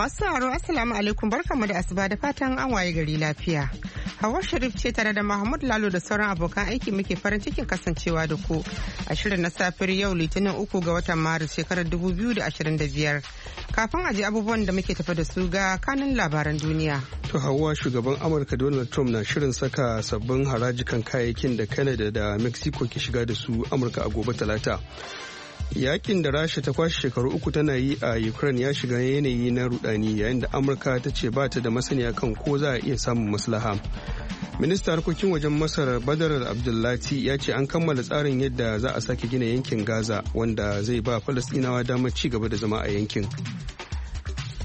Masu sauraro Assalamu alaikum barkanmu da asuba da fatan an waye gari lafiya. Hawa Sharif ce tare da Mahmud Lalo da sauran abokan aiki muke farin cikin kasancewa da ku a shirin na safiyar yau Litinin uku ga watan Maris shekarar dubu biyu da da ashirin biyar Kafin aji abubuwan da muke tafa da su ga kanun labaran duniya. To Hawa shugaban Amurka Donald Trump na shirin saka sabbin harajikan kayayyakin da Canada da Mexico ke shiga da su Amurka a gobe Talata. yakin da rasha ta kwashe shekaru uku tana yi a ukraine ya shiga yanayi na rudani yayin da amurka ta ce ba ta da masaniya kan ko za a iya samun maslaha minista harkokin wajen masar badar abdullati ya ce an kammala tsarin yadda za a sake gina yankin gaza wanda zai ba falastinawa damar ci gaba da zama a yankin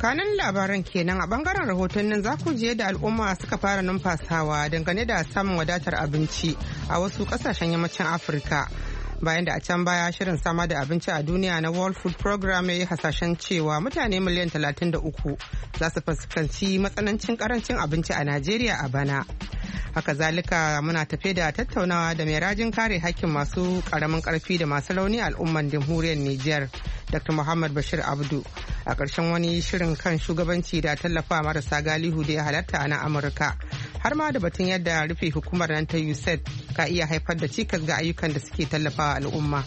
kanan labaran kenan a bangaren rahotannin za ku je da al'umma suka fara numfasawa dangane da samun wadatar abinci a wasu kasashen yammacin afirka bayan da a can baya shirin sama da abinci a duniya na world food program ya yi hasashen cewa mutane miliyan 33 za su fuskanci matsanancin karancin abinci a najeriya a bana haka zalika muna tafe da tattaunawa da mai rajin kare hakkin masu karamin karfi da masu rauni al'umman jamhuriyar niger dr muhammad bashir abdu a ƙarshen wani shirin kan shugabanci da tallafa marasa galihu da ya halatta a na amurka har ma da batun yadda rufe hukumar nan ta USAID ka iya haifar da cikas ga ayyukan da suke tallafawa al'umma.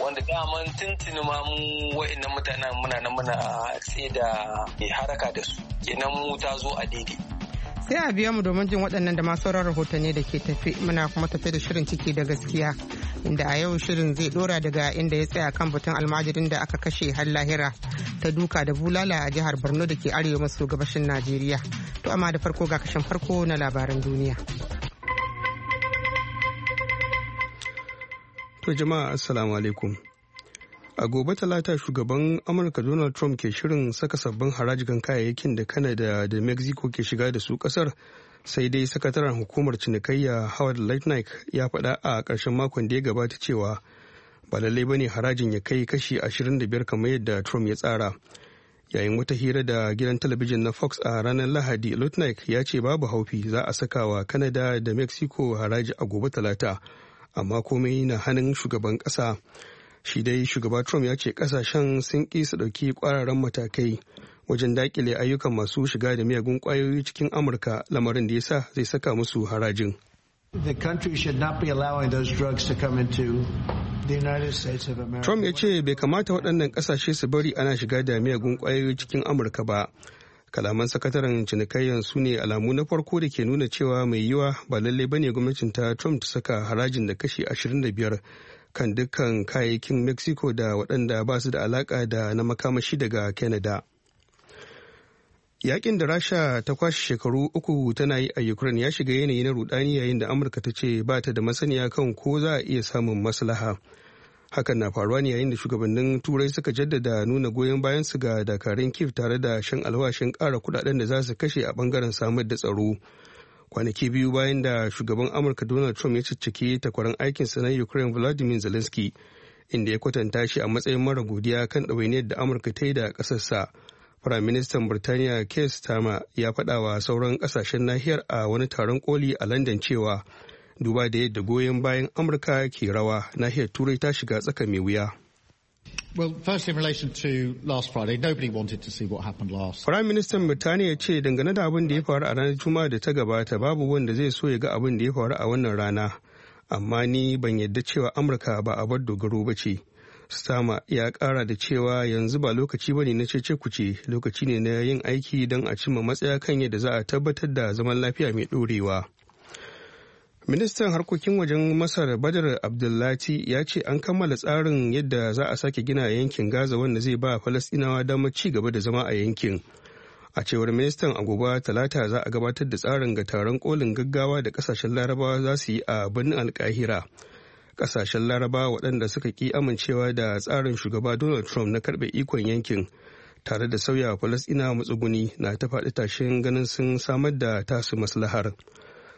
wanda daman tuntuni ma mu wa'annan mutanen muna nan muna tsaye da haraka da su kenan mu ta zo a daidai sai a biya mu domin jin waɗannan da masu rahotanni da ke tafi muna kuma tafi da shirin ciki da gaskiya inda a yau shirin zai dora daga inda ya tsaya kan batun almajirin da aka kashe har lahira ta duka da bulala a jihar borno da ke arewa maso gabashin najeriya to amma da farko ga kashin farko na labaran duniya to jama'a assalamu alaikum a gobe talata shugaban amurka donald trump ke shirin saka sabbin harajigan kayayyakin da Kanada da mexico ke shiga da su kasar sai dai sakataren hukumar cinikayya howard lightnick ya faɗa a ƙarshen makon da ya gabata cewa ba lallai ba ne harajin ya kai kashi 25 kamar yadda trump ya tsara yayin wata hira da gidan talabijin na fox a ranar lahadi lightnick ya ce babu haufi za a saka wa kanada da mexico haraji a gobe talata amma komai na hannun shugaban ƙasa shi dai shugaba trump ya ce ƙasashen sun ƙi su ɗauki ƙwararren matakai wajen dakile ayyukan masu shiga da miyagun kwayoyi cikin amurka lamarin da ya sa zai saka musu harajin Trump ya ce bai kamata waɗannan ƙasashe su bari ana shiga da miyagun kwayoyi cikin Amurka ba. Kalaman sakataren cinikayyar su ne alamu na farko da ke nuna cewa mai yiwa ba lallai ne gwamnatin ta Trump ta saka harajin da kashi 25 kan dukkan kayayyakin Mexico da waɗanda ba su da alaƙa da na makamashi daga Canada. Yakin da Rasha ta kwashe shekaru uku tana yi a Ukraine ya shiga yanayi na rudani yayin da Amurka ta ce ba ta da masaniya kan ko za a iya samun maslaha. Hakan na faruwa ne yayin da shugabannin Turai suka jaddada nuna goyon bayan su ga dakarun kif tare da shan alwashin kara kudaden da za su kashe a bangaren samar da tsaro. Kwanaki biyu bayan da shugaban Amurka Donald Trump ya cicciki takwaran aikinsa na Ukraine Vladimir Zelensky inda ya kwatanta shi a matsayin mara godiya kan ɗawainiyar da Amurka ta yi da kasarsa. Firaministan Birtaniya Keir Starmer ya faɗa wa sauran kasashen nahiyar a wani taron koli a London cewa duba da yadda goyon bayan Amurka ke rawa nahiyar Turai ta shiga tsaka mai wuya. Well, first in relation to Birtaniya ce dangane da abin da ya faru a ranar Juma'a da ta gabata babu wanda zai so ya ga abin da ya faru a wannan rana. Amma ni ban yadda cewa Amurka ba a bar dogaro ba ce. Stama ya kara da cewa yanzu ba lokaci ne na cece kuce lokaci ne na yin aiki don a cimma matsaya kan yadda za a tabbatar da zaman lafiya mai ɗorewa. Ministan harkokin wajen Masar Badar Abdullati ya ce an kammala tsarin yadda za a sake gina yankin Gaza wanda zai ba falastinawa damar ci gaba da zama a yankin. A cewar ministan agoba talata za a gabatar da tsarin ga taron kolin gaggawa da kasashen larabawa za su yi a birnin alkahira. kasashen laraba waɗanda suka ki amincewa da tsarin shugaba donald trump na karɓe ikon yankin tare da sauya falasɗina matsuguni na ta faɗi tashin ganin sun samar da tasu maslahar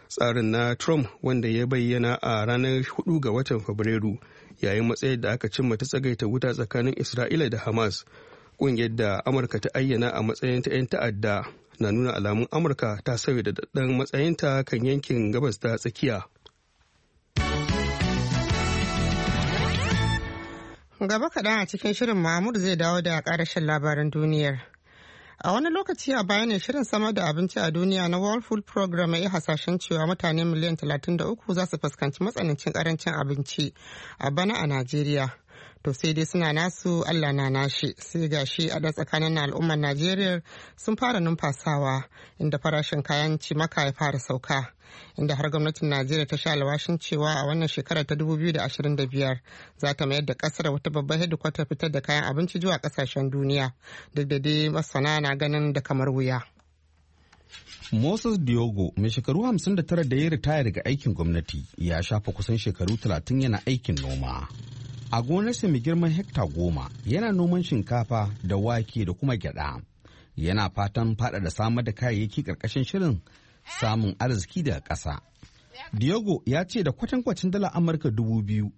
tsarin na trump wanda ya bayyana a ranar 4 ga watan fabrairu yayin matsayar da aka cimma ta tsagaita wuta tsakanin isra'ila da hamas ƙungiyar da amurka ta ayyana a matsayin ta 'yan ta'adda na nuna alamun amurka ta sauya da matsayin matsayinta kan yankin gabas ta tsakiya Gaba kaɗan a cikin shirin Mahmud zai dawo da shan labaran duniyar. A wani lokaci a baya shirin samar da abinci a duniya na World Food Program ya hasashen cewa mutane miliyan 33 za su fuskanci matsanancin karancin abinci a bana a Najeriya. to sai dai suna nasu allah na nashi sai ga shi a da tsakanin al'ummar najeriya sun fara numfasawa inda farashin kayan cimaka ya fara sauka inda har gwamnatin najeriya ta sha alwashin cewa a wannan shekarar ta 2025 za ta mayar da kasar wata babbar hedikwatar fitar da kayan abinci zuwa kasashen duniya duk da dai masana na ganin da kamar wuya Moses Diogo mai shekaru 59 da ya ritaya daga aikin gwamnati ya shafa kusan shekaru 30 yana aikin noma. a gonarsa mai girman hekta goma yana noman shinkafa da wake da kuma gyada yana fatan da samar da kayayyaki ƙarƙashin shirin samun arziki daga ƙasa diego ya ce da kwatankwacin dala amurka dubu biyu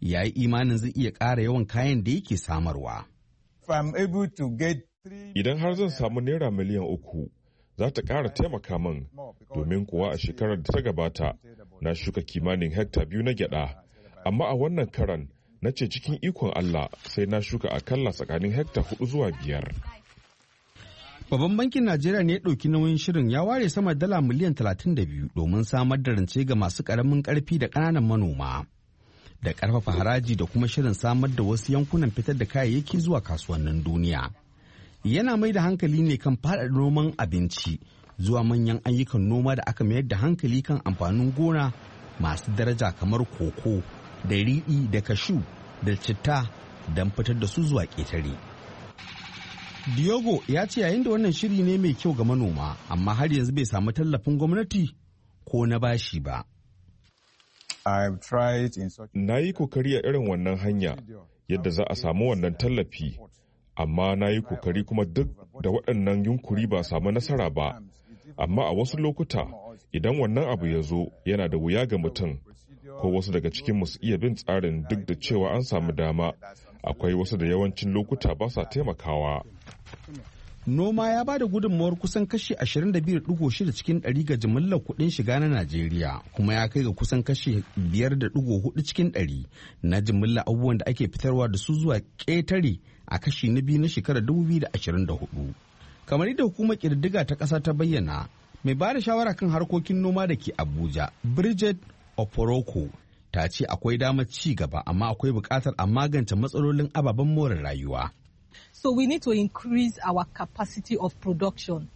ya yi imanin zai iya ƙara yawan kayan da yake samarwa idan har zan samu naira miliyan uku za ta ƙara taimaka min domin kuwa a shekarar da ta gabata na shuka kimanin hekta biyu na gyada amma a wannan karan na ce cikin ikon Allah sai na shuka akalla tsakanin hekta hudu zuwa biyar. Babban bankin Najeriya ne ya ɗauki nauyin shirin ya ware sama dala miliyan 32 domin samar da rance ga masu ƙaramin ƙarfi da ƙananan manoma. Da ƙarfafa haraji da kuma shirin samar da wasu yankunan fitar da kayayyaki zuwa kasuwannin duniya. Yana mai da hankali ne kan faɗaɗa noman abinci zuwa manyan ayyukan noma da aka mayar da hankali kan amfanin gona masu daraja kamar koko da riɗi da kashu da citta don fitar da su zuwa ƙetare. Diogo ya ce yayin da wannan shiri ne mai kyau ga manoma amma har yanzu bai samu tallafin gwamnati ko na bashi ba. Na yi kokari a irin wannan hanya yadda za a samu wannan tallafi, amma na yi kokari kuma duk da waɗannan yunkuri ba samu nasara ba. Amma a wasu lokuta idan wannan abu ya zo yana da wuya ga mutum ko wasu daga cikin su iya bin tsarin duk da cewa an samu dama akwai wasu da yawancin lokuta ba sa taimakawa noma ya ba da gudunmawar kusan kashi 22.6 cikin 100 ga jimillar kuɗin shiga na Najeriya kuma ya kai ga kusan kashi 5.4 cikin 100 na jimillar abubuwan da ake fitarwa da su zuwa ƙetare a kashi na biyu na shekarar 2024. Kamar yadda hukumar kirdiga ta ƙasa ta bayyana, mai ba da shawara kan harkokin noma da ke Abuja, Bridget oporoko ta ce akwai damar ci gaba amma akwai buƙatar a magance matsalolin ababen more rayuwa so we need to increase our capacity of production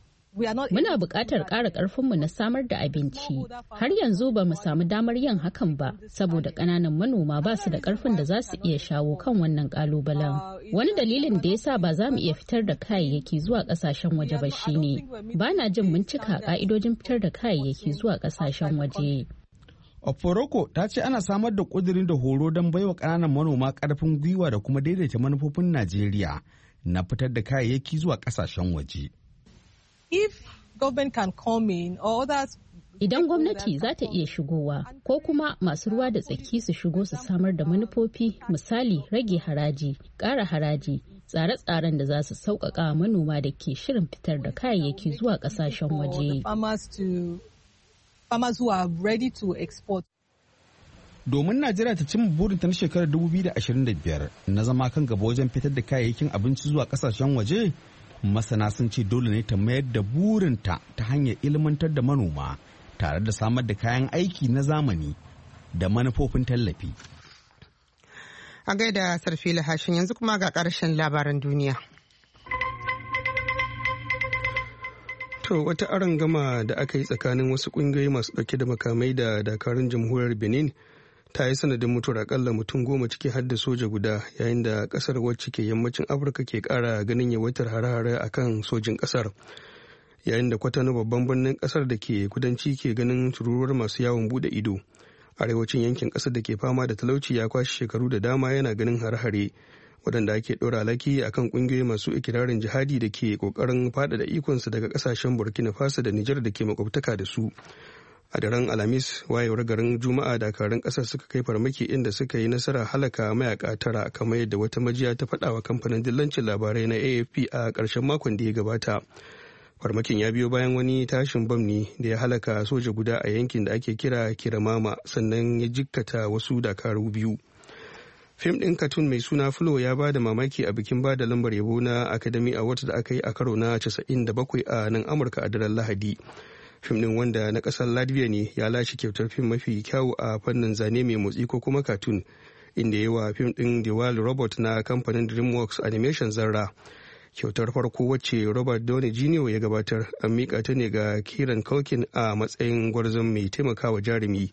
Muna buƙatar ƙara ƙarfinmu na samar da abinci. Har yanzu ba mu samu damar yin hakan ba, saboda ƙananan manoma ba su da ƙarfin da za su iya shawo kan wannan ƙalubalen. Wani dalilin da ya sa ba za mu iya fitar da kayayyaki zuwa ƙasashen waje ba shine, ba na jin mun cika ƙa'idojin fitar da kayayyaki zuwa ƙasashen waje. oforoko ta ce ana samar da ƙudurin da horo don baiwa ƙananan manoma ƙarfin gwiwa da kuma daidaita manufofin Najeriya na fitar da kayayyaki zuwa ƙasashen waje. Idan gwamnati za ta iya shigowa ko kuma masu ruwa da tsaki su shigo su samar da manufofi misali rage haraji, ƙara haraji, tsare-tsaren da za su sauƙaƙa manoma da ke shirin fitar da kayayyaki zuwa ƙasashen waje. farmers who are ready to export. Domin Najeriya ta cimma burinta na shekarar 2025 na zama kan gaba wajen fitar da kayayyakin abinci zuwa kasashen waje, masana sun ce dole ne ta mayar da burinta ta hanyar ilmantar da manoma tare da samar da kayan aiki na zamani da manufofin tallafi. A gaida sarfila hashin yanzu kuma ga ƙarshen labaran duniya. To wata gama da aka yi tsakanin wasu kungiyoyi masu ɗauke da makamai da dakarun jamhuriyar Benin ta yi sanadin mutuwar akalla mutum goma ciki har da soja guda yayin da kasar wacce ke yammacin Afirka ke kara ganin yawaitar hare-hare a kan sojin ƙasar. Yayin da kwatano babban birnin ƙasar da ke kudanci ke ganin tururuwar masu yawon buɗe ido. Arewacin yankin ƙasar da ke fama da talauci ya kwashe shekaru da dama yana ganin hare-hare. waɗanda ake ɗora laki a kan ƙungiyoyi masu ikirarin jihadi da ke ƙoƙarin faɗaɗa ikonsu daga ƙasashen burkina faso da nijar da ke makwabtaka da su a daren alhamis wayewar garin juma'a dakarun ƙasar suka kai farmaki inda suka yi nasara halaka mayaka tara kamar yadda wata majiya ta faɗawa kamfanin dillancin labarai na afp a ƙarshen makon da ya gabata farmakin ya biyo bayan wani tashin bam ne da ya halaka soja guda a yankin da ake kira kiramama sannan ya jikkata wasu dakaru biyu fim ɗin katun mai suna 'Fulo' ya ba da mamaki a bikin ba da lambar yabo na academy awards da aka yi a karo na 97 a nan amurka a daren lahadi fim ɗin wanda na ƙasar latvia ne ya lashe kyautar fim mafi kyawu a fannin zane mai motsi ko kuma katun inda yawa fim ɗin dewal robot na kamfanin dreamworks animation zarra kyautar farko wacce robert downey jr ya gabatar an miƙa ta ne ga kiran culkin a matsayin gwarzon mai taimakawa jarumi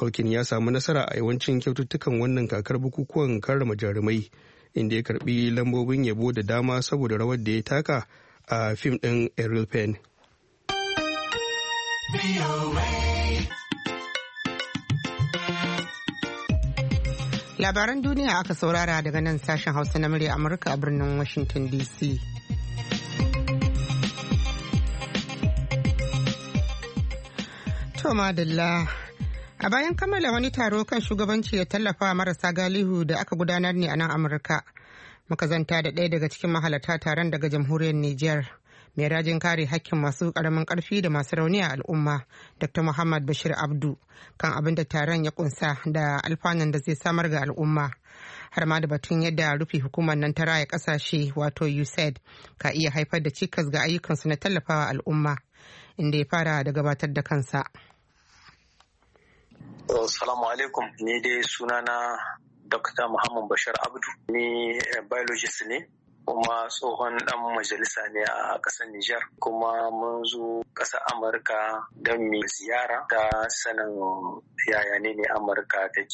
Tolkien ya samu nasara a yawancin kyaututtukan wannan kakar bukukuwan karrama jarumai inda ya karbi lambobin yabo da dama saboda rawar da ya taka a fim ɗin Errol Penn. Labaran duniya aka saurara daga nan sashen Hausa na murya Amurka a birnin Washington DC. To madalla A bayan kammala wani taro kan shugabanci ya tallafa marasa galihu da aka gudanar ne a nan Amurka. Muka zanta da ɗaya daga cikin mahalarta taron daga jamhuriyar Nijar. Mai rajin kare hakkin masu ƙaramin ƙarfi da masu rauni a al'umma, Dr. Muhammad Bashir Abdu, kan abin da taron ya kunsa da alfanun da zai samar ga al'umma. Har ma da batun yadda rufe hukumar nan ta raya ƙasashe wato USAID ka iya haifar da cikas ga ayyukansu na tallafawa al'umma, inda ya fara da gabatar da kansa. Assalamu alaikum ni dai sunana Dr. Muhammad bashar Abdu ni biologist ne kuma tsohon dan majalisa ne a ƙasar Nijar kuma mun zo ƙasar Amurka don mu ziyara ta sanin yaya ne ne Amurka take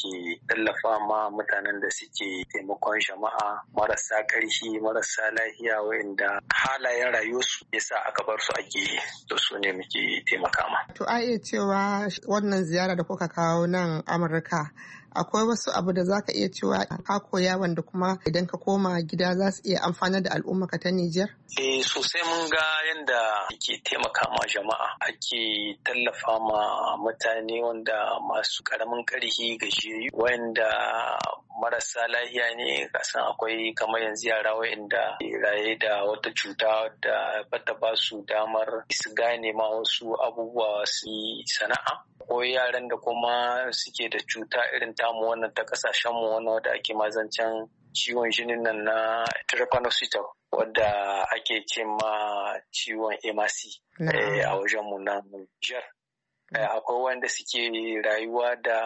tallafa ma mutanen da suke taimakon jama'a marasa ƙarfi marasa lafiya waɗanda halayen rayuwarsu ya sa aka bar su a gehe to su ne muke taimaka ma. To a iya cewa wannan ziyara da kuka kawo nan Amurka akwai wasu abu da zaka iya cewa ka koya wanda kuma idan ka koma gida za su iya amfanar da al'umma ka ta Nijar? Eh sosai mun ga yadda ke taimaka ma jama'a ake tallafa ma mutane wanda masu karamin karhi gashi wanda marasa lahiya ne kasan akwai kamar yanzu yara wa'inda raye da wata cuta da bata ba su damar su gane ma wasu abubuwa su yi sana'a Ko yaran da kuma suke da cuta irin tamu wannan ta kasashen mu wannan wanda ake mazancen ciwon jinin nan na trypanocytal wadda ake ce ma ciwon emasi eh, a wajen mu na Niger. Mm. Eh, akwai wanda suke rayuwa da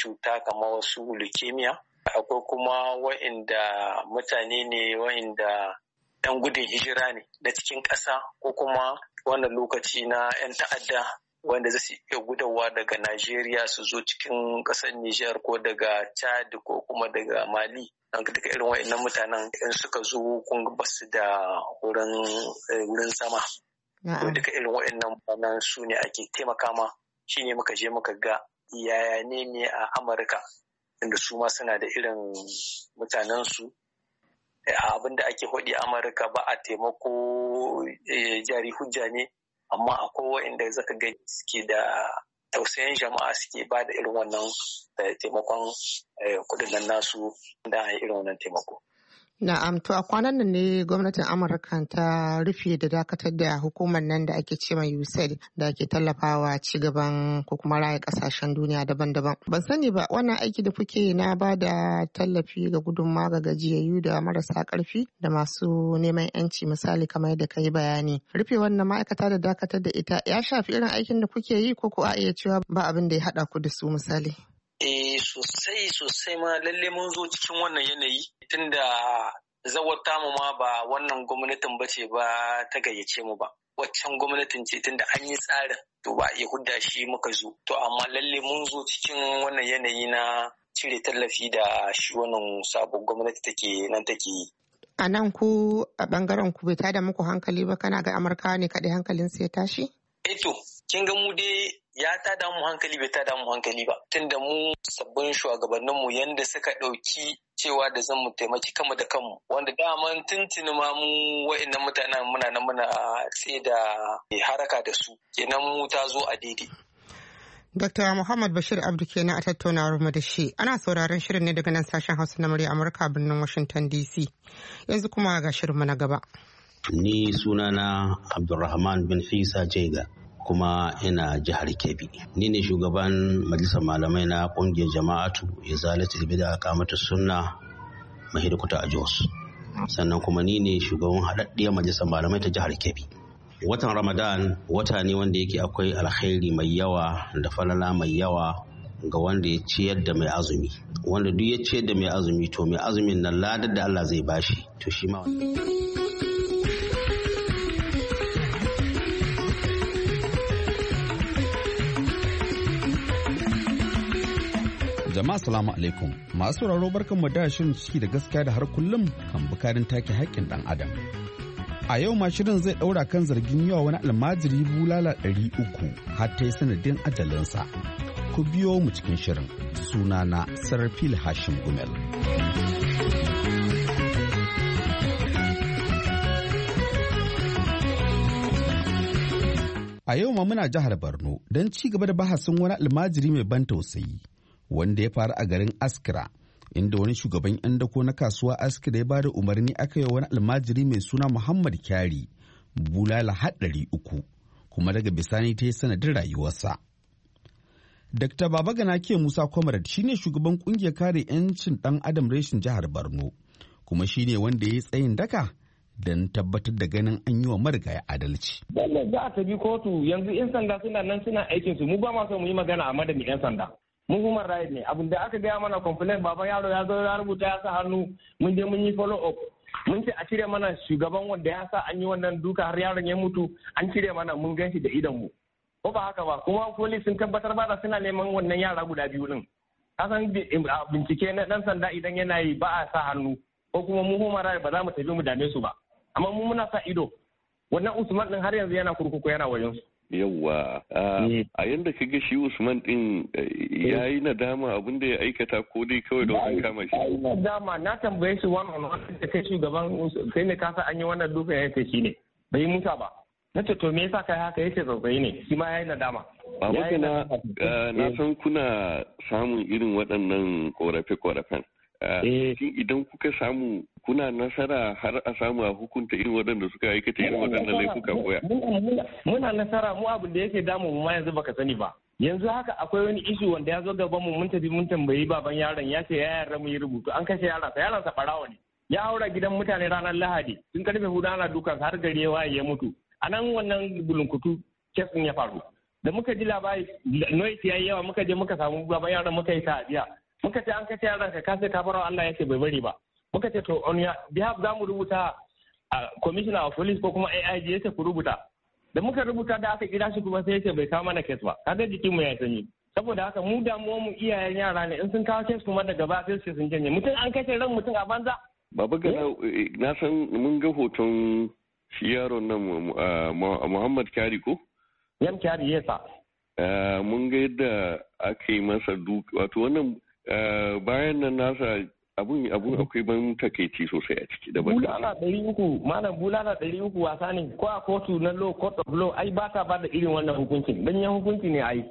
cuta kamar wasu leukemia. Akwai kuma wa'inda mutane ne wa'inda 'yan gudun hijira ne na cikin ƙasa ko kuma wannan lokaci na 'yan ta'adda wanda zai iya gudawa daga Najeriya su zo cikin ƙasar Nijar ko daga Chad ko kuma daga Mali. An duka irin wa'annan mutanen in suka zo kun basu da wurin eh, zama. Duka irin wa'annan mutanen su ne ake taimaka ma shi ne muka je muka ga yaya ne ne a Amurka inda su ma suna da irin mutanensu. Eh, abin da ake hudi Amurka ba a taimako eh, jari hujja ne amma akwai inda zaka ga suke da tausayin jama'a suke ba da irin wannan eh, taimakon eh, kudin nan nasu da irin wannan taimako Na'am to a kwanan nan ne gwamnatin Amurka ta rufe da dakatar da hukumar nan da ake cewa USAID da ke tallafawa ci gaban ko kuma raya kasashen duniya daban-daban. Ban sani ba wannan aiki da kuke na ba da tallafi ga gudunma ga gajiyayyu da marasa karfi da masu neman yanci misali kamar da kai bayani. Rufe wannan ma'aikata da dakatar da ita ya shafi irin aikin da kuke yi ko ko a iya cewa ba abin da ya haɗa ku da su misali. Eh sosai sosai ma lalle mun zo cikin wannan yanayi tunda zawarta mu ma ba wannan gwamnatin ba ce ba ta gayyace mu ba. Waccan gwamnatin ce tunda an yi tsarin to ba iya hudda shi muka zo. To amma lalle mun zo cikin wannan yanayi na cire tallafi da shi wannan sabon gwamnati take nan take yi. A nan ku a bangaren ku bai tada muku hankali ba kana ga Amurka ne kaɗai hankalin su ya tashi? Eh to kin ga mu dai ya ta damu hankali bai ta damu hankali ba tunda mu sabbin shugabanninmu yanda suka ɗauki cewa da zan mu taimaki kanmu da kanmu wanda daman tuntuni ma mu wa'annan mutanen muna nan muna tsaye da haraka da su kenan mu ta zo a daidai Dr. Muhammad Bashir Abdu kenan a tattaunawar mu da shi. Ana sauraron shirin ne daga nan sashen Hausa na murya Amurka birnin Washington DC. Yanzu kuma ga shirin shirinmu na gaba. Ni sunana Abdulrahman bin Fisa Jega. kuma ina jihar Kebbi. Ni ne shugaban majalisar malamai na kungiyar jama'atu ya Izalatul Bid'a Kamatu Sunna Mahidkuta a Jos. Sannan kuma ni ne shugaban haɗaɗɗiyar majalisar malamai ta jihar Kebbi. Watan Ramadan wata ne wanda yake akwai alkhairi mai yawa da falala mai yawa ga wanda ya ciyar da mai azumi wanda duk ya ciyar da mai azumi to mai azumin na ladar da Allah zai bashi to shi ma Jama'a assalamu alaikum masu sauraro barkan mu da shirin ciki da gaskiya da har kullum kan bukarin take haƙƙin dan adam. A yau ma shirin zai ɗaura kan zargin yawa wani almajiri bulala ɗari uku har ta yi sanadin ajalinsa. Ku biyo mu cikin shirin sunana Sarfil Hashim Gumel. A yau ma muna jihar Borno don ci gaba da bahasin wani almajiri mai ban tausayi wanda ya faru a garin askira inda wani shugaban 'yan dako na kasuwa askira ya ba da umarni aka yi wani almajiri mai suna muhammad kyari bulala haɗari uku kuma daga bisani ta yi sanadin rayuwarsa dr babagana ke musa shi ne shugaban kungiyar kare 'yancin dan adam reshin jihar borno kuma shine wanda ya yi tsayin daka don tabbatar da ganin an yi wa marigaya adalci. Wanda za a tabi kotu yanzu 'yan sanda suna nan suna aikinsu mu ba ma mu yi magana a madadin 'yan sanda. mun human ne abin da aka gaya mana complain baban yaro ya zo ya rubuta ya sa hannu mun je mun yi follow up mun ce a cire mana shugaban wanda ya sa an yi wannan duka har yaron ya mutu an cire mana mun gan shi da idan mu ko ba haka ba kuma police sun tabbatar ba da suna neman wannan yara guda biyu din kasan bincike na dan sanda idan yana yi ba a sa hannu ko kuma mun human ba za mu tafi mu dame su ba amma mu muna sa ido wannan usman din har yanzu yana kurkuku yana wayansu yawwa a mm. yadda ka ga shi usman din eh, ya eh. yi nadama dama da ya aikata ko dai kawai don an kama shi ya yi na tambaye shi wani wani da kai shugaban kai ne kasa an yi wannan duka ya ce shi ne bai musa ba na ce to me yasa kai haka yace tsautsayi ne shi ma ya yi nadama ba na eh, na san kuna samun irin waɗannan korafe korafen Eh. Eh, shin idan kuka samu kuna nasara har a samu a hukunta irin waɗanda suka aikata irin waɗannan laifuka koya muna nasara mu abin da yake damu mu ma yanzu baka sani ba yanzu haka akwai wani isu wanda ya zo gaban mu mun tafi mun tambayi baban yaron ya ce ya yarda mu yi rubutu an kashe yaron sa yaron sa barawa ne ya haura gidan mutane ranar lahadi sun karfe hudu ana dukan har gari ya waye ya mutu a nan wannan bulunkutu kesin ya faru da muka ji labari noise ya yi yawa muka je muka samu baban yaron muka yi ta'aziya muka ce an kace yaran ka sai ka bar Allah yake bai bari ba muka ce to on ya behalf za mu rubuta a commissioner of police ko kuma AIG yake ku rubuta da muka rubuta da aka kira shi kuma sai yake bai kawo mana case ba kaga jikin mu ya sanyi saboda haka mu damuwar mu iyayen yara ne in sun kawo case kuma daga baya sai su sun janye mutum an kace ran mutum a banza babu ga na san mun ga hoton shi yaron nan ah, Muhammad Kari ko yam Kari yasa ah, mun ga yadda aka yi masa duk wato wannan Eh, bayan nan nasa abun abun akwai ban takaici sosai a ciki da bulala ɗari uku malam bulala ɗari uku wasa ne ko a kotu na law court of law ai ba ta bada irin wannan hukuncin danyen hukunci ne ai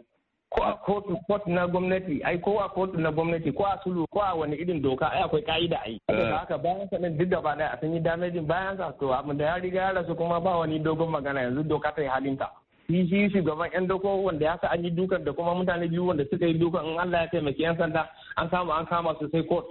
ko a kotu court na gwamnati ai ko a kotu na gwamnati ko a sulu ko a wani irin doka ai akwai ka'ida ai saboda eh. haka bayan sa nan duk ba dai a sanyi damejin bayan sa to abin da ya riga ya rasu kuma ba wani dogon magana yanzu doka ta yi halinta shi shi shugaban yan doko wanda ya sa an yi dukan da kuma mutane biyu wanda suka yi dukan in Allah ya taimaki yan sanda an kama an kama su sai court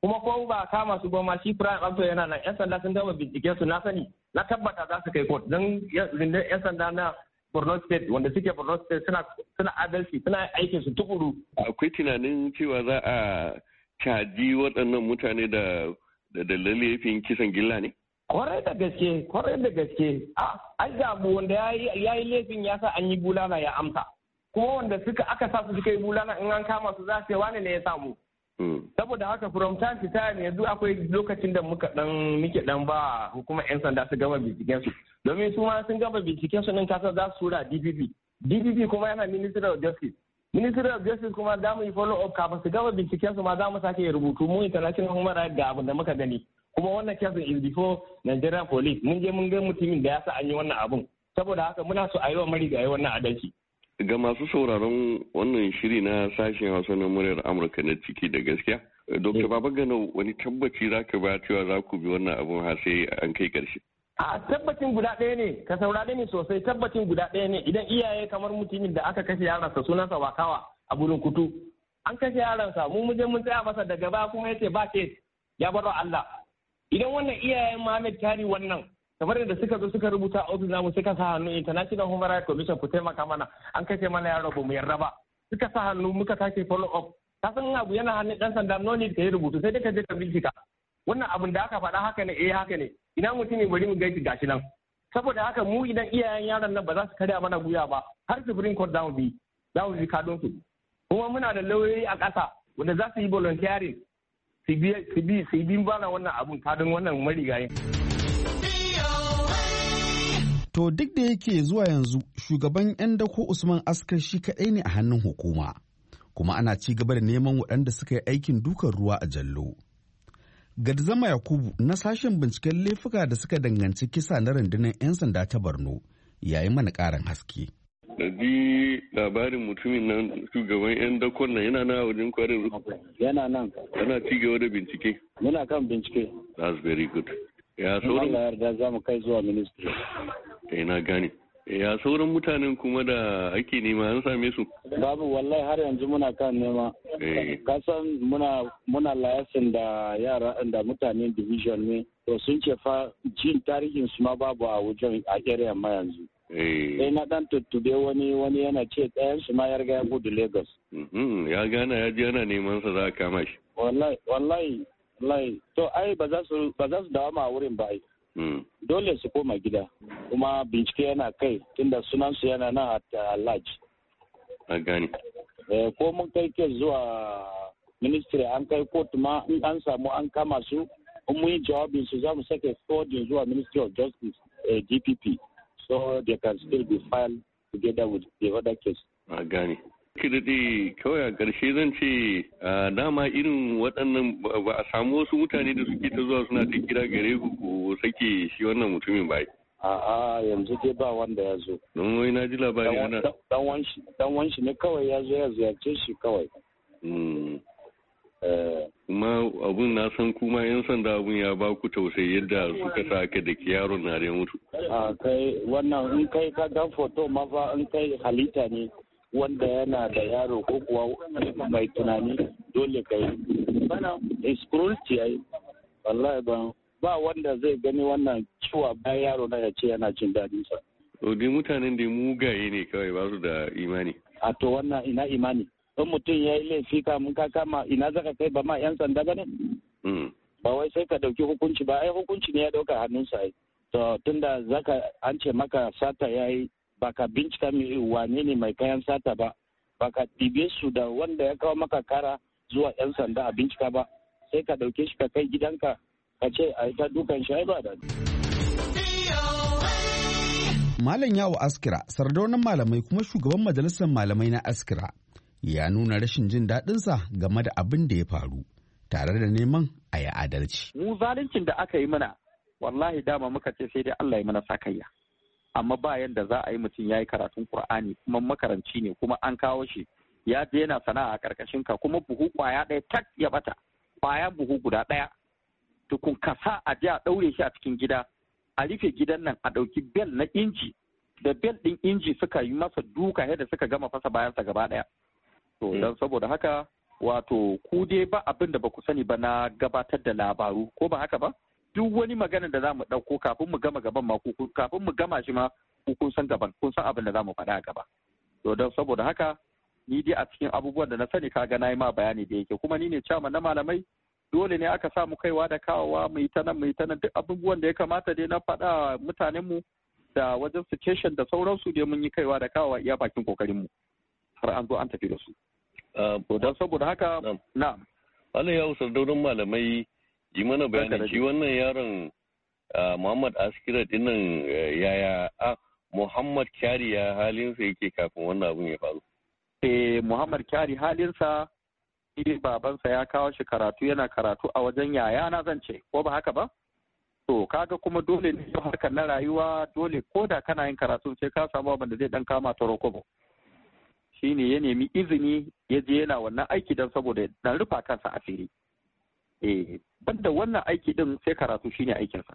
kuma ko ba kama su ba ma shi prime abdu yana nan yan sanda sun gama bincike su na sani na tabbata za su kai court don yan sanda na Borno State wanda suke Borno State suna suna adalci suna aikin su tukuru akwai tunanin cewa za a caji waɗannan mutane da da dalilin kisan gilla ne kwarai da gaske kwarai da gaske a an damu wanda ya yi laifin ya sa an yi bulala ya amsa ko wanda suka aka sa su suka yi bulala in an kama su za su yi wani ne ya samu hmm. saboda haka from time to time yanzu akwai lokacin da muka dan muke dan ba hukumar yan sanda su gama binciken su domin su ma sun gama binciken su din kasar za su tura DPP DPP kuma yana Ministry of Justice Ministry of Justice kuma za mu yi follow up kafin su gama binciken su ma za mu sake rubutu mu international human rights ga abin da muka gani kuma wannan kesin is before Nigerian police mun je mun ga mutumin da ya sa an yi wannan abun saboda haka muna so a yi wa marigayi wannan adalci Ga masu sauraron wannan shiri na sashen Hausa na muryar Amurka na ciki da gaskiya. Dr. Eh. gano wani tabbaci za ka ba cewa za ku bi wannan abun har sai an kai ƙarshe. A tabbacin guda ɗaya ne, ka saurare ni sosai tabbacin guda ɗaya ne idan iyaye kamar mutumin da aka kashe yaransa sunansa wakawa a burin kutu. An kashe yaransa mu muje mun tsaya masa daga baya kuma yace ba ke ya baro Allah. Idan wannan iyayen Muhammad Kari wannan kamar yadda suka zo suka rubuta ofis namu suka sa hannu international human rights commission ku taimaka mana an kace mana yaro ba mu yarda ba suka sa hannu muka sake follow up ka san abu yana hannun dan sanda no need ka yi rubutu sai dai ka je ka bincika wannan abun da aka faɗa haka ne eh haka ne ina mutum ne bari mu gaiti gashi nan saboda haka mu idan iyayen yaron nan ba za su karya mana guya ba har supreme court za mu bi za mu bi kadon su kuma muna da lauyoyi a ƙasa wanda za su yi volunteering su bi su bi su bi bana wannan abun kadon wannan marigayin. To duk da yake zuwa yanzu shugaban 'yan dako Usman Askar shi kaɗai ne a hannun hukuma, kuma ana ci gaba da neman waɗanda suka yi aikin dukan ruwa a jallo. Gadzama Yakubu na sashen binciken laifuka da suka danganci kisa na rundunar 'yan sanda ta Borno yayi mana ƙarin haske. da labarin mutumin nan shugaban yan dakon nan yana nan wajen kwarin yana nan yana ci gaba da bincike yana kan bincike that's very good ya sauran yarda za mu kai zuwa ministry eh na gani ya sauran mutanen kuma da ake nema an same su babu wallahi har yanzu muna kan nema eh. kasan muna muna layasin da yara da mutanen division ne to sun ce fa jin tarihin su ma babu a wajen a area ma yanzu eh na dan tuttube wani wani yana ce ɗayan su ma ya riga ya gudu Lagos mhm, ya gana ya ji yana neman sa za a kama shi wallahi wallahi wallahi to ai ba za su dawama a wurin ba ai hmm. dole su koma gida kuma bincike yana kai tunda sunansu yana nan a large a gani eh, ko mun kai ke zuwa ministry an kai court ma in an samu an kama su in mun yi jawabin su za mu sake forwarding zuwa ministry of justice eh, dpp so they can still be filed together with the other case a gani Kirdi kawai a ƙarshe zan ce dama irin waɗannan ba a samu wasu mutane da suke ta zuwa suna ta kira gare ku ko sake shi wannan mutumin ba. A'a yanzu dai ba wanda ya zo. Don wai na ji labari ana. Dan wanshi ne kawai ya zo ya ziyarce shi kawai. Hmm. Eh. Kuma abun na san kuma yan sanda abun ya ba ku tausayi yadda suka sa ka da ke yaron na da mutu. A kai wannan in kai ka dan foto ma fa in kai halitta ne wanda yana da yaro ko kuwa mai tunani dole ka yi bana is ya yi. wallahi ba ba wanda zai gani wannan ciwa bayan yaro na ya ce yana jin daɗin sa to mutanen da mugaye ne kawai ba su da imani a to wannan ina imani in mutum ya yi laifi kamun ka kama ina zaka kai ba ma yan sanda ba ne hmm. ba wai sai ka ɗauki hukunci ba ai hukunci ne ya ɗauka hannunsa ai to tunda zaka an ce maka sata ya yi ba ka bincika wane ne mai kayan sata ba ba ka ɗibe su da wanda ya kawo maka kara zuwa 'yan sanda a bincika ba sai ka ɗauke shi ka kai gidanka ka ce a ta dukan shi ba da Malam yawo askira sardaunan malamai kuma shugaban majalisar malamai na askira ya nuna rashin jin daɗinsa game da abin da ya faru tare da neman a yi adalci. Mu zaluncin da aka yi mana wallahi dama muka ce sai dai Allah ya mana sakayya. amma ba yadda za a yi mutum ya yi karatun Kur'ani kuma makaranci ne kuma an kawo shi ya je yana sana'a a karkashin ka kuma buhu kwaya ɗaya tak ya bata kwaya buhu guda ɗaya tukun kasa a je a ɗaure shi a cikin gida a rufe gidan nan a ɗauki bel na inji da bel ɗin inji suka yi masa duka yadda suka gama fasa bayansa gaba ɗaya to eh. don saboda haka wato ku dai ba abin da ba ku sani ba na gabatar da labaru ko ba haka ba duk wani magana da za mu ɗauko kafin mu gama gaban ma kafin mu gama shi ma kun san gaban kun san abin da za mu faɗa a gaba to don saboda haka ni dai a cikin abubuwan da na sani ka na yi ma bayani da yake kuma ni ne chairman na malamai dole ne aka samu kaiwa da kawowa mai ta nan mai ta nan duk abubuwan da ya kamata dai na faɗa mutanen mu da wajen station da sauransu dai mun yi kaiwa da kawowa iya bakin kokarin mu har an zo an tafi da su ah, to don saboda haka na'am Wani ya usar daunin malamai Yi mana bayani shi wannan yaron Muhammad Askira dinnan eh, yaya a Muhammad Kyari ya halinsa yake kafin wannan abun ya faru. Eh Muhammad Kyari halinsa shi babansa ya kawo shi karatu yana karatu a wajen yaya na zan ce ko ba haka ba? To kaga kuma dole ne yau na rayuwa dole ko da kana yin karatu sai ka samu abin da zai dan kama ta rokobo. Shi ne ya nemi izini ya je yana wannan aiki don saboda dan rufa kansa asiri. eh da wannan aiki din sai karatu shine aikinsa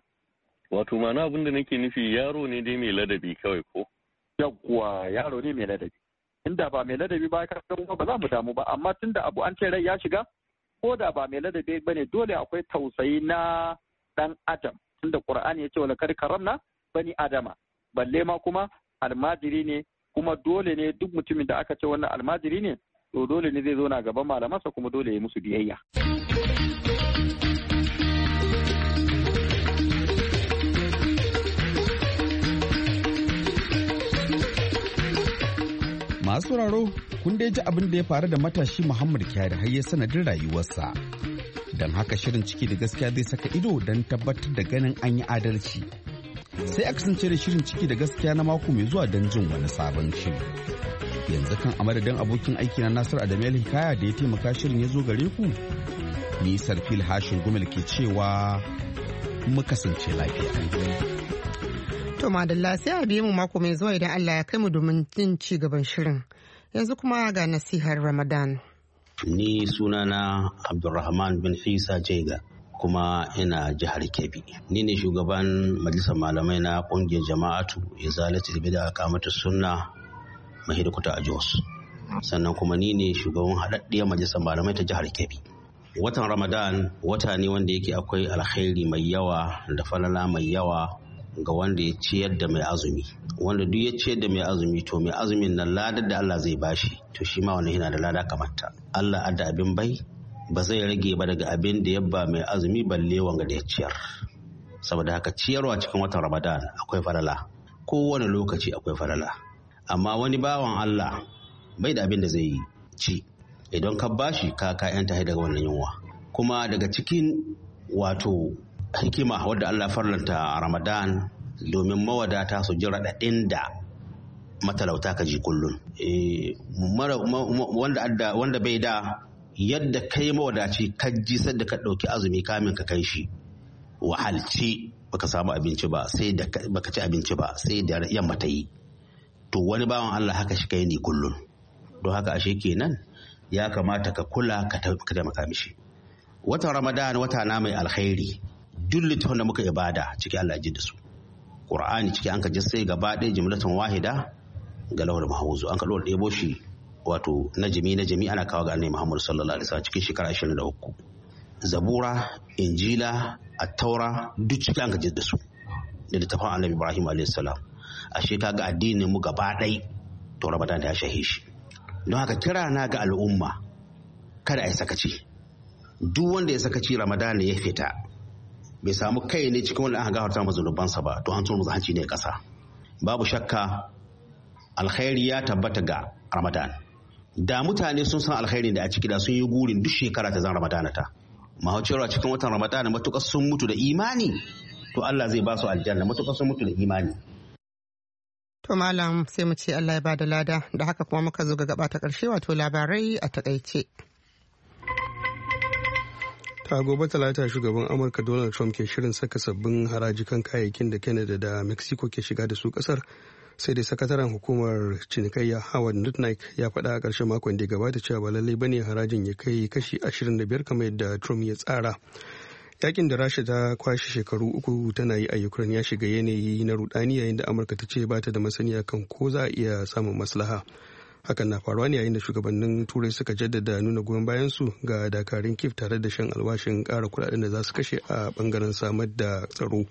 wato ma'ana abin da nake nufi yaro ne dai mai ladabi kawai ko yawwa yaro ne mai ladabi inda ba mai ladabi ba ya ga ba za mu damu ba amma tunda abu an ce rai ya shiga ko da ba mai ladabi ba ne dole akwai tausayi na dan adam tunda ƙur'ani ya ce wani kar karamna bani adama balle ma kuma almajiri ne kuma dole ne duk mutumin da aka ce wannan almajiri ne to dole ne zai zo na gaban malamansa kuma dole ya musu biyayya masu sauraro kun dai ji abin da ya faru da matashi muhammad kyari har ya sanadin rayuwarsa don haka shirin ciki da gaskiya zai saka ido don tabbatar da ganin an yi adalci sai a kasance da shirin ciki da gaskiya na mako mai zuwa don jin wani sabon shiri yanzu kan a madadin abokin aiki na nasiru adamu hikaya da ya taimaka shirin ya zo gare ku ni sarfil hashin gumel ke cewa mu kasance lafiya To madalla sai a biyu mako mai zuwa idan Allah ya kai mu domin jin ci gaban shirin. Yanzu kuma ga nasihar Ramadan. Ni sunana Abdulrahman bin Isa Jega. kuma ina jihar Kebbi. Ni ne shugaban majalisar malamai na kungiyar jama'atu ya da bid'a kamata sunna mahidkuta a Jos. Sannan kuma ni ne shugaban haɗaɗɗiyar majalisar malamai ta jihar Kebbi. Watan Ramadan wata ne wanda yake akwai alkhairi mai yawa da falala mai yawa ga wanda ya ciyar da mai azumi wanda duk ya ciyar da mai azumi to mai azumin na ladar da Allah zai bashi to shi ma wani yana da lada kamata Allah adda abin bai ba zai rage ba daga abin da yabba mai azumi balle wanga da ya ciyar saboda haka ciyarwa cikin watan Ramadan akwai falala kowane lokaci akwai falala amma wani bawan Allah bai da abin da zai ci idan ka bashi ka ka yanta daga wannan yunwa kuma daga cikin wato hikima wadda Allah farlanta Ramadan domin mawadata su ji raɗaɗin da matalauta ka ji kullum. Eh, wanda bai da yadda kai mawadaci ka ji sadda ka ɗauki azumi kamin ka kai shi wahalci baka samu abinci ba sai da baka ci abinci ba sai da yamma ta yi to wani bawan Allah haka shi kai ne kullum don haka ashe kenan ya kamata ka kula ka taimaka mishi watan ramadan wata na mai alkhairi duk littafin da muka ibada cikin Allah ji da su Qur'ani cikin an ka ji sai gaba ɗaya jumlatun wahida ga lawar mahawuzu an ka lawar ɗebo shi wato na jami na jami ana kawo ga annabi Muhammad sallallahu alaihi wasallam cikin shekara 23 Zabura Injila Attaura duk cikin an ka ji da su da littafin Annabi Ibrahim alaihi salam ashe ga addinin mu gaba ɗaya to Ramadan da ya shahe shi don haka kira na ga al'umma kada a yi sakaci duk wanda ya sakaci ramadana ya fita bai samu kai ne cikin wanda aka gafarta masa sa ba to an tsoron hanci ne kasa babu shakka alkhairi ya tabbata ga ramadan da mutane sun san alkhairi da a ciki da sun yi gurin duk shekara ta zan ramadana ta mahaucewa cikin watan ramadana matukar sun mutu da imani to Allah zai ba su aljanna matukar sun mutu da imani To malam sai mu ce Allah ya bada lada da haka kuma muka zo ga gaba ta ƙarshe wato labarai a takaice. a gobe talata shugaban amurka donald trump ke shirin saka sabbin haraji kan kayayyakin da canada da mexico ke shiga da su kasar sai dai sakataren hukumar cinikayya howard nutnick ya faɗa a ƙarshen makon da gabata cewa ba lallai bane harajin ya kai kashi 25 kamar yadda trump ya tsara yakin da rasha ta kwashe shekaru uku tana yi a ukraine ya shiga yanayi na rudani yayin da amurka ta ce ba ta da masaniya kan ko za a iya samun maslaha hakan na faruwa ne yayin da shugabannin turai suka jaddada nuna goyon bayan su ga dakarun kif tare da shan alwashin kara kudaden da za su kashe a bangaren samar da tsaro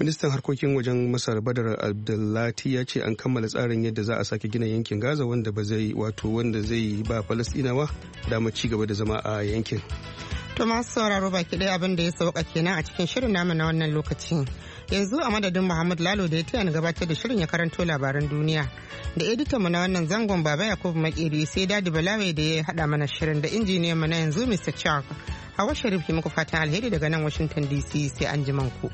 ministan harkokin wajen masar badar abdullati ya ce an kammala tsarin yadda za a sake gina yankin gaza wanda ba zai wato wanda zai ba falastinawa dama ci gaba da zama a yankin to masu sauraro baki ɗaya abin da ya sauka kenan a cikin shirin namu na wannan lokacin yanzu a madadin muhammad lalo da ya taya ni gabatar da shirin ya karanto labaran duniya da mu na wannan zangon baba yakubu makeri sai dadi balawe da ya hada mana shirin da injiniyan mu na yanzu mr chuck hawa sharif ki muku fatan alheri daga nan washington dc sai an ku.